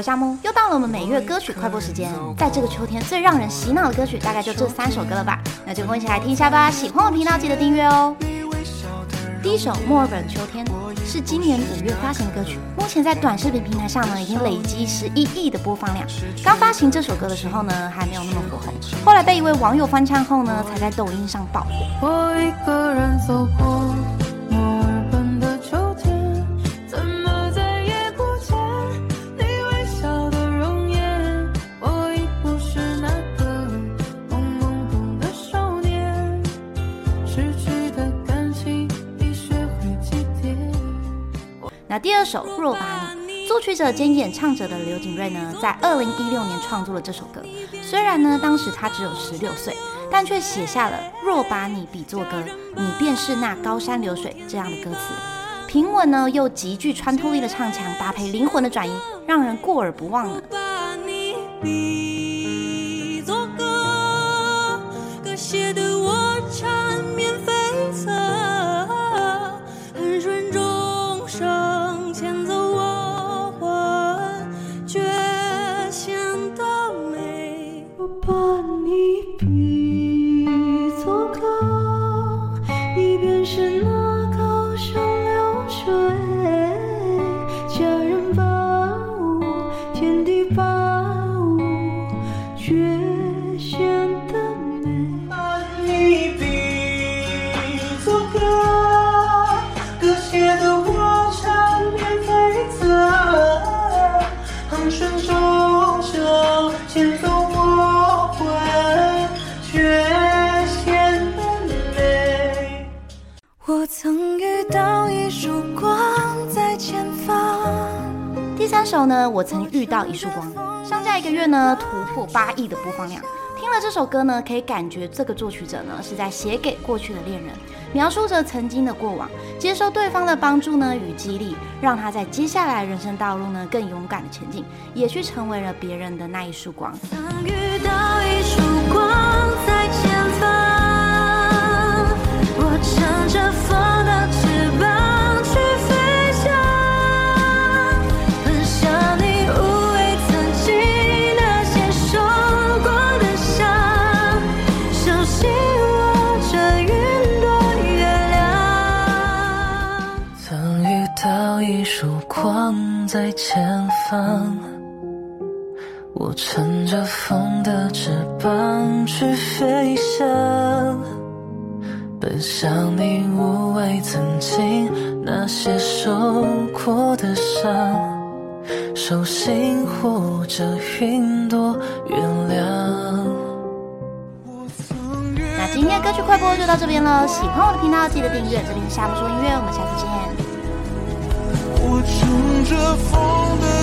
夏慕，又到了我們每月歌曲快播時間，在這個秋天最讓人洗腦的歌曲大概就這三首歌了吧，那就跟我一起來聽一下吧。喜歡我頻道記得訂閱哦。第一首《墨爾本的秋天》是今年五月發行的歌曲，目前在短視頻平台上呢已經累積十一億的播放量。剛發行這首歌的時候呢還沒有那麼火紅。後來被一位網友翻唱後呢才在抖音上爆火。第二首《若把你》，作曲者兼演唱者的劉景睿呢，在二零一六年創作了這首歌。雖然呢，當時他只有十六歲，但卻寫下了“若把你比作歌，你便是那高山流水”這樣的歌詞。平穩呢，又極具穿透力的唱腔搭配靈魂的轉移，讓人過耳不忘呢。若把你第三首呢，我曾遇到一束光，上架一個月呢，突破八億的播放量。聽了這首歌呢，可以感覺這個作曲者呢是在寫給過去的戀人，描述着曾經的過往，接受對方的幫助呢與激勵，讓他在接下來人生道路呢更勇敢的前進，也去成為了別人的那一束光。曾遇到一束到一束光在前方，我乘着風的翅膀去飛翔，奔向你無畏曾經那些受過的傷，手心握着雲朵月亮。那今天歌曲快播就到這邊了，喜歡我的頻道記得訂閱，這裡，是夏慕說音樂，我們下次見。我乘着風的。